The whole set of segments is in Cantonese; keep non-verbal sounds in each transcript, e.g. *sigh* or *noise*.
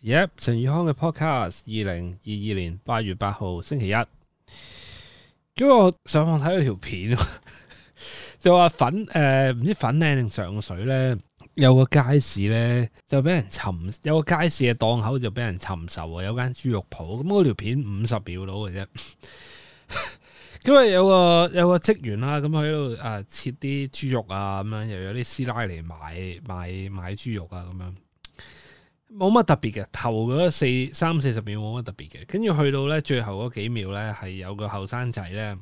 Yep，陳宇康嘅 podcast，二零二二年八月八號星期一，咁我上網睇咗條片， *laughs* 就話粉誒，唔、呃、知粉嶺定上水咧，有個街市咧就俾人尋，有個街市嘅檔口就俾人尋仇啊！有間豬肉鋪，咁嗰條片五十秒到嘅啫。咁啊，有個有個職員啦，咁喺度誒切啲豬肉啊，咁樣又有啲師奶嚟買買買,買豬肉啊，咁樣。冇乜特別嘅，頭嗰四三四十秒冇乜特別嘅，跟住去到咧最後嗰幾秒咧，係有個後生仔咧，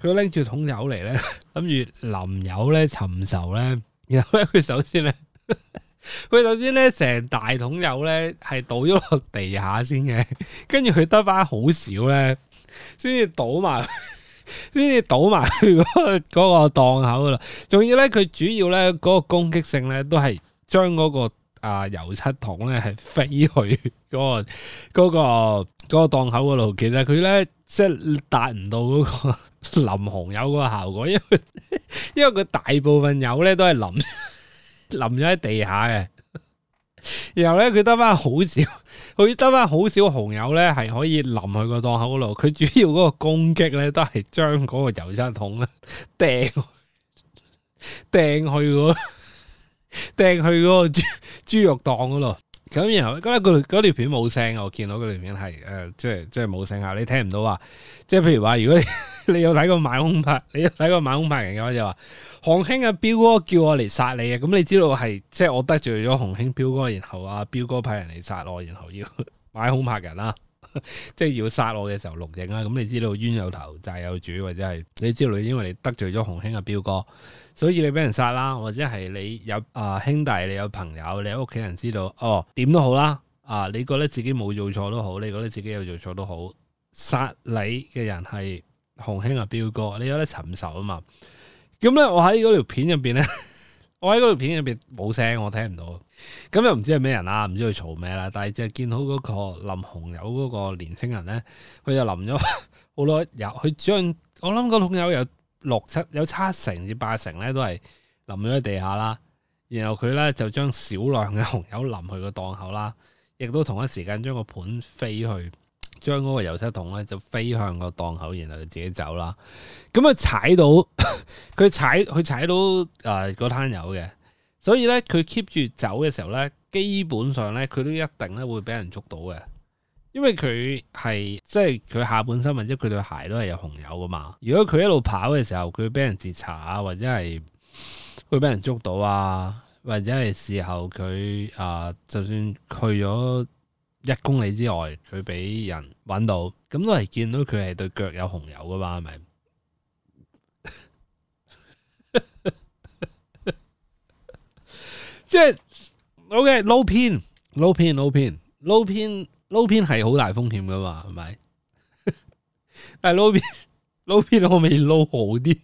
佢拎住桶油嚟咧，諗住淋油咧，尋仇咧，然後咧佢首先咧，佢首先咧成大桶油咧係倒咗落地 *laughs* 下先嘅，跟住佢得返好少咧，先 *laughs* 至倒埋、那個，先至倒埋去嗰個嗰個檔口噶啦，仲要咧佢主要咧嗰個攻擊性咧都係將嗰個。啊！油漆桶咧係飛去嗰個嗰個嗰個檔口嗰度，其實佢咧即係達唔到嗰個淋紅油嗰個效果，因為因為佢大部分油咧都係淋淋咗喺地下嘅，然後咧佢得翻好少，佢得翻好少紅油咧係可以淋去個檔口嗰度，佢主要嗰個攻擊咧都係將嗰個油漆桶掟掟去。掟去嗰個豬豬肉檔嗰度，咁然後嗰粒條條片冇聲，我見到嗰條片係誒、呃，即係即係冇聲啊！你聽唔到啊？即係譬如話，如果你你有睇過買兇拍，你有睇過買兇拍人嘅話，就話洪興阿彪哥叫我嚟殺你啊！咁你知道係即係我得罪咗洪興彪哥，然後阿、啊、彪哥派人嚟殺我，然後要買兇拍人啦。即係要殺我嘅時候錄影啦，咁你知道冤有頭債有主，或者係你知道你因為你得罪咗洪興啊彪哥，所以你俾人殺啦，或者係你有啊兄弟，你有朋友，你喺屋企人知道，哦點都好啦，啊你覺得自己冇做錯都好，你覺得自己有做錯都好，殺你嘅人係洪興啊彪哥，你有得尋仇啊嘛，咁、嗯、咧我喺嗰條片入邊咧。 *laughs* 我喺嗰條片入邊冇聲，我聽唔到。咁又唔知係咩人啦，唔知佢嘈咩啦。但係就見到嗰個淋紅油嗰個年青人咧，佢就淋咗好多油。佢將我諗個桶油有六七，有七成至八成咧，都係淋咗喺地下啦。然後佢咧就將少量嘅紅油淋去個檔口啦，亦都同一時間將個盤飛去，將嗰個油漆桶咧就飛向個檔口，然後自己走啦。咁啊踩到。佢 *laughs* 踩，佢踩到誒個灘油嘅，所以咧佢 keep 住走嘅時候咧，基本上咧佢都一定咧會俾人捉到嘅。因為佢係即係佢下半身或者佢對鞋都係有紅油噶嘛。如果佢一路跑嘅時候，佢俾人截查啊，或者係會俾人捉到啊，或者係事後佢啊、呃，就算去咗一公里之外，佢俾人揾到，咁都係見到佢係對腳有紅油噶嘛，係咪？即係，OK，撈偏，撈偏，撈偏，撈偏，撈偏係好大風險㗎嘛，係咪？但係撈偏，撈偏我未撈好啲，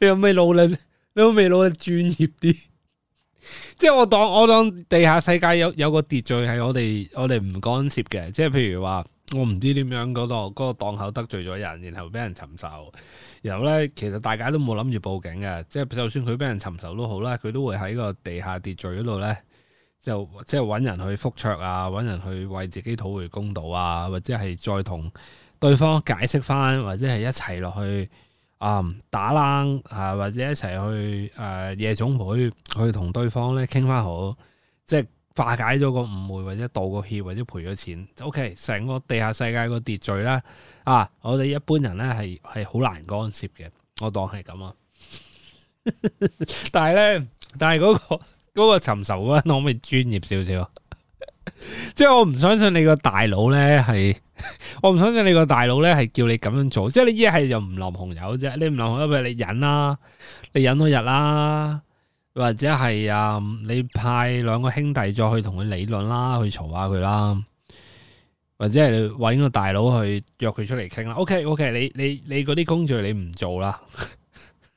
*laughs* 你有咩撈咧，你又未撈得專業啲。即係我當我當地下世界有有個秩序係我哋我哋唔干涉嘅，即係譬如話。我唔知點樣嗰度嗰個檔口得罪咗人，然後俾人尋仇。然後呢，其實大家都冇諗住報警嘅，即係就算佢俾人尋仇都好啦，佢都會喺個地下秩序嗰度呢，就即係揾人去復桌啊，揾人去為自己討回公道啊，或者係再同對方解釋返，或者係一齊落去嗯打冷啊，或者一齊去誒、呃、夜總會去同對方呢傾返好，即係。化解咗個誤會，或者道個歉，或者賠咗錢就 OK，成個地下世界個秩序啦啊！我哋一般人咧係係好難干涉嘅，我當係咁啊。但係咧、嗰個，但係嗰個嗰個尋仇嗰陣， *laughs* 可唔可以專業少少？即係我唔相信你個大佬咧係，我唔相信你個大佬咧係叫你咁樣做，即、就、係、是、你一係就唔淋紅油啫，你唔淋紅油咪你忍啦、啊，你忍多、啊啊、日啦、啊。或者係啊、嗯，你派兩個兄弟再去同佢理論啦，去嘈下佢啦。或者係你揾個大佬去約佢出嚟傾啦。OK，OK，okay, okay, 你你你嗰啲工序你唔做啦。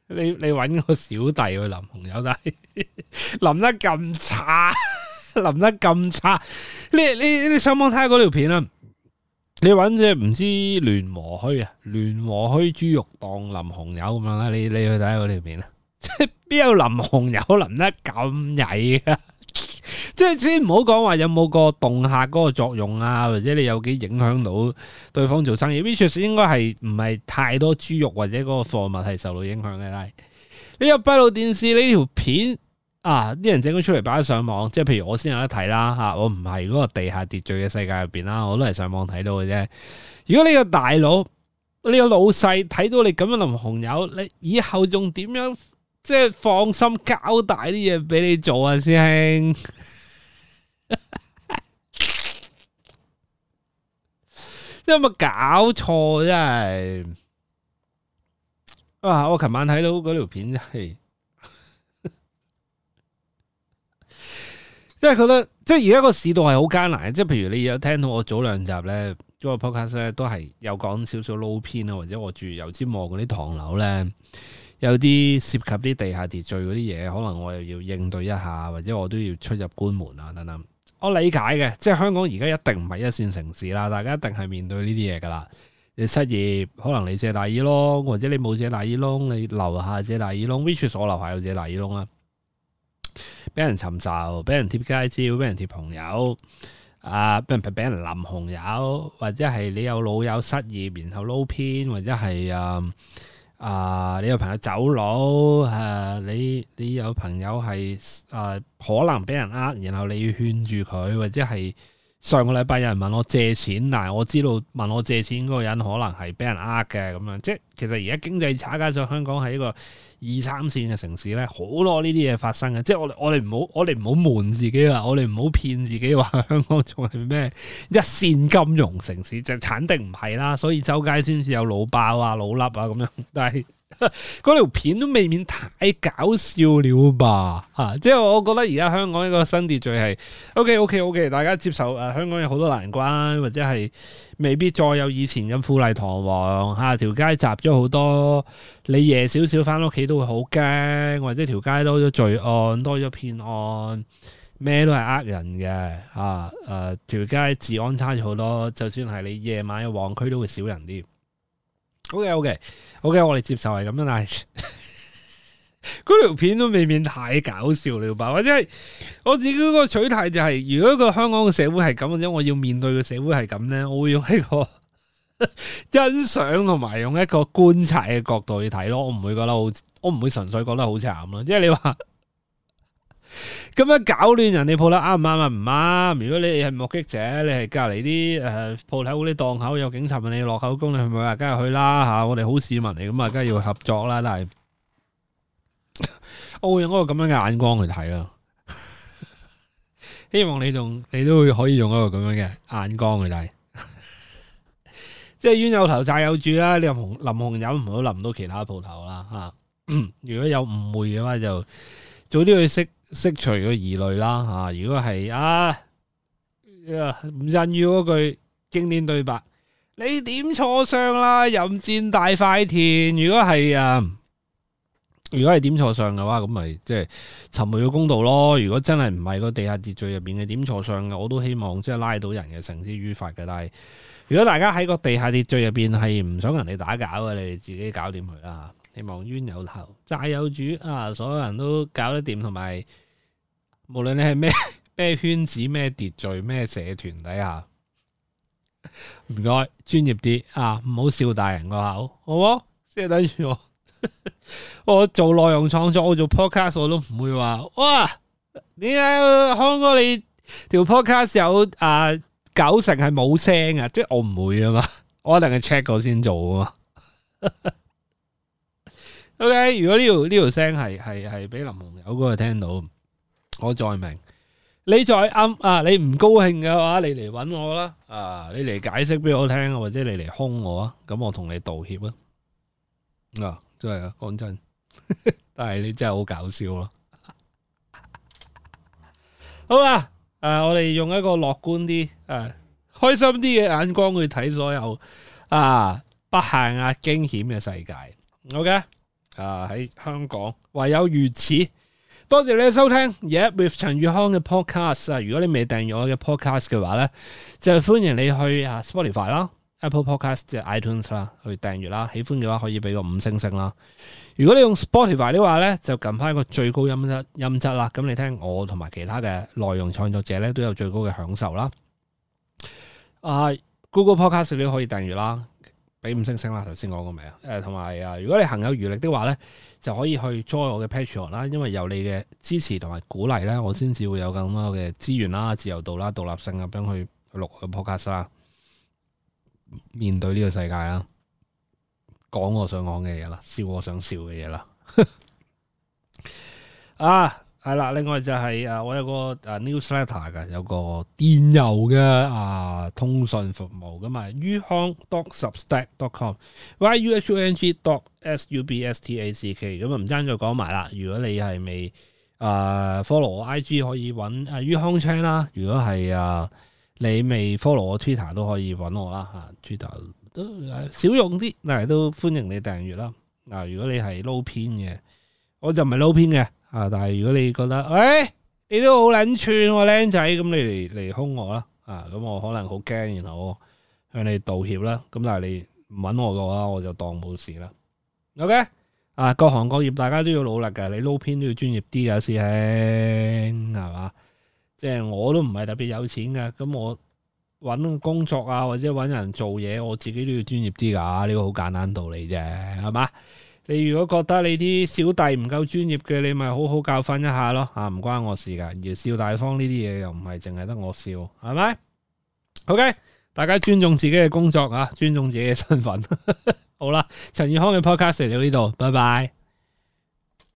你你揾 *laughs* 個小弟去淋紅油，但係淋 *laughs* 得咁差，淋 *laughs* 得咁差。你你你上網睇下嗰條片啊。你揾隻唔知聯和墟啊，聯和墟豬、啊、肉檔淋紅油咁樣啦。你你去睇下嗰條片啦、啊。 *laughs* *laughs* 即係邊有淋紅油淋得咁曳啊！即係先唔好講話有冇個恫嚇嗰個作用啊，或者你有幾影響到對方做生意？which is *laughs* 應該係唔係太多豬肉或者嗰個貨物係受到影響嘅。但係你個閉路電視呢條片啊，啲人整咗出嚟擺喺上網，即係譬如我先有得睇啦吓，我唔係嗰個地下秩序嘅世界入邊啦，我都係上網睇到嘅啫。如果你個大佬、你、個老細睇到你咁樣淋紅油，你以後仲點樣？即係放心交代啲嘢俾你做啊，師兄！有 *laughs* 冇搞錯、啊？真係哇！我琴晚睇到嗰條片，即係覺得即係而家個市道係好艱難。即係譬如你有聽到我早兩集咧，做個 podcast 咧，都係有講少少撈偏啊，pin, 或者我住油尖旺嗰啲唐樓咧。有啲涉及啲地下秩序嗰啲嘢，可能我又要應對一下，或者我都要出入官門啊等等。我理解嘅，即係香港而家一定唔係一線城市啦，大家一定係面對呢啲嘢噶啦。你失業，可能你借大耳窿，或者你冇借大耳窿，你留下借大耳窿，which 我留下有借大耳窿啊，俾 *laughs* 人尋仇，俾人貼街招，俾人貼朋友，啊、呃，俾人俾人淋紅油，或者係你有老友失業，然後撈偏，或者係啊。啊！你有朋友走佬，誒、啊、你你有朋友係誒、啊、可能俾人呃，然後你要勸住佢，或者係。上個禮拜有人問我借錢，但係我知道問我借錢嗰個人可能係俾人呃嘅咁樣，即係其實而家經濟差加上香港係一個二三線嘅城市咧，好多呢啲嘢發生嘅，即係我哋我哋唔好我哋唔好瞞自己啦，我哋唔好騙自己話香港仲係咩一線金融城市，就肯定唔係啦，所以周街先至有老爆啊、老笠啊咁樣，但係。嗰條 *laughs* 片都未免太搞笑了吧？吓、啊，即係我覺得而家香港呢個新秩序係，OK OK OK，大家接受誒、呃，香港有好多難關，或者係未必再有以前咁富麗堂皇吓，條、啊、街雜咗好多，你夜少少翻屋企都會好驚，或者條街多咗罪案，多咗騙案，咩都係、啊、呃人嘅吓，誒，條街治安差咗好多，就算係你夜晚嘅旺區都會少人啲。OK，OK，OK，我哋接受係咁樣，但係嗰條 *laughs* 片都未免太搞笑了吧？或者係我自己嗰個取態就係、是，如果個香港嘅社會係咁，或者我要面對嘅社會係咁咧，我會用一個 *laughs* 欣賞同埋用一個觀察嘅角度去睇咯。我唔會覺得好，我唔會純粹覺得好慘咯。即係你話。咁樣搞亂人哋鋪頭啱唔啱啊？唔啱！如果你係目擊者，你係隔籬啲誒鋪頭嗰啲檔口有警察問你落口供，你係咪話梗係去啦吓、啊？我哋好市民嚟咁啊，梗係要合作啦。但係 *laughs* 我會用嗰個咁樣嘅眼光去睇啦。 *laughs* 希望你用你都會可以用一個咁樣嘅眼光去睇， *laughs* 即係冤有頭債有主啦。你又淋淋紅油唔好淋到其他鋪頭啦吓。啊、 *laughs* 如果有誤會嘅話，就早啲去識。釋除個疑慮啦，啊！如果係啊，吳鎮宇嗰句經典對白，你點錯相啦？任戰大塊田。如果係啊，如果係點錯相嘅話，咁咪即係尋求嘅公道咯。如果真係唔係個地下秩序入邊嘅點錯相嘅，我都希望即係拉到人嘅繩之於法嘅。但係如果大家喺個地下秩序入邊係唔想人哋打搞嘅，你自己搞掂佢啦。希望冤有頭債有主啊！所有人都搞得掂，同埋，無論你係咩咩圈子、咩秩序、咩社團底下，唔該專業啲啊，唔好笑大人個口，好唔好？即係等於我， *laughs* 我做內容創作，我做 podcast 我都唔會話，哇！點解康哥你條 podcast 有啊九成係冇聲啊？聲即係我唔會啊嘛，我一定係 check 過先做啊嘛。OK，如果呢條呢條聲係係係俾林紅友哥聽到。我再明，你再啱啊！你唔高興嘅話，你嚟揾我啦啊！你嚟解釋俾我聽，或者你嚟兇我啊！咁我同你道歉啊！啊，真、就、係、是、啊，講真， *laughs* 但係你真係好搞笑咯！好啦，誒、啊，我哋用一個樂觀啲、誒、啊、開心啲嘅眼光去睇所有啊不幸啊驚險嘅世界。Ok，啊喺香港唯有如此。多謝你收聽，而、yeah, 家 with 陳宇康、uh、嘅 podcast 啊！如果你未訂閱我嘅 podcast 嘅話咧，就歡迎你去啊 Spotify 啦、Apple Podcast 即係 iTunes 啦去訂閱啦。喜歡嘅話可以俾個五星星啦。如果你用 Spotify 的話咧，就撳返一個最高音質音質啦，咁你聽我同埋其他嘅內容創作者咧都有最高嘅享受啦。啊，Google Podcast 你可以訂閱啦，俾五星星啦。頭先講過未啊？誒，同埋啊，如果你行有餘力的話咧，就可以去 join 我嘅 Patreon 啦，因為有你嘅支持同埋鼓勵咧，我先至會有更多嘅資源啦、自由度啦、獨立性咁樣去錄個 podcast 啦，面對呢個世界啦，講我想講嘅嘢啦，笑我想笑嘅嘢啦， *laughs* 啊！係啦，另外就係啊，我有個啊 newsletter 嘅，有個電郵嘅啊通訊服務噶嘛，於康 dot substack dot com y u h o n g dot s u b s t a c k 咁啊，唔爭再講埋啦。如果你係未啊、呃、follow 我 IG 可以揾啊於康 c h a n 啦。如果係啊、呃、你未 follow 我 Twitter 都可以揾我啦嚇、啊、Twitter 都少用啲，嗱、啊、都歡迎你訂閲啦。嗱、啊，如果你係撈偏嘅，我就唔係撈偏嘅。啊！但係如果你覺得，喂，你都好撚串喎，僆仔咁，你嚟嚟兇我啦，啊！咁我可能好驚，然後我向你道歉啦。咁但係你唔搵我嘅話，我就當冇事啦。OK，啊！各行各業大家都要努力噶，你撈偏都要專業啲噶，師兄，係嘛？即係我都唔係特別有錢嘅，咁我搵工作啊，或者搵人做嘢，我自己都要專業啲噶。呢個好簡單道理啫，係嘛？你如果覺得你啲小弟唔夠專業嘅，你咪好好教訓一下咯吓，唔、啊、關我的事噶。而笑大方呢啲嘢，又唔係淨係得我笑，係咪？OK，大家尊重自己嘅工作啊，尊重自己嘅身份。 *laughs* 好啦，陳宇康嘅 podcast 嚟到呢度，拜拜。